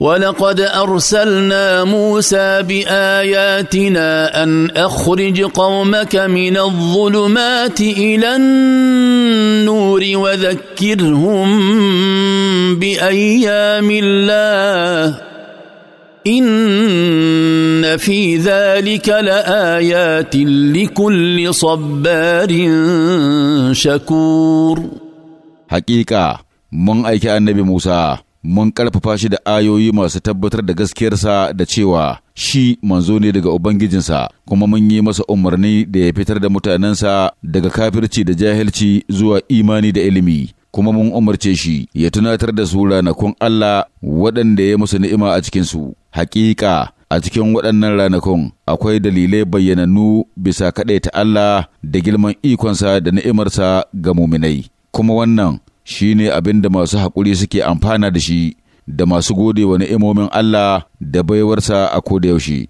ولقد ارسلنا موسى باياتنا ان اخرج قومك من الظلمات الى النور وذكرهم بايام الله ان في ذلك لايات لكل صبار شكور حقيقه من ايك النبي موسى mun ƙarfafa shi da ayoyi masu tabbatar da gaskiyarsa da cewa shi manzo ne daga Ubangijinsa, kuma mun yi masa umarni da ya fitar da mutanensa daga kafirci da jahilci zuwa imani da ilimi. Kuma mun umarce shi ya tunatar da su ranakun Allah waɗanda ya musu ni'ima a cikinsu. Haƙiƙa, a cikin waɗannan ranakun akwai dalilai bayyanannu bisa kaɗai ta Allah da girman ikonsa da ni'imarsa ga muminai. Kuma wannan shi ne abin da masu haƙuri suke amfana da shi da masu gode wa ni'imomin Allah da baiwarsa a koda yaushe.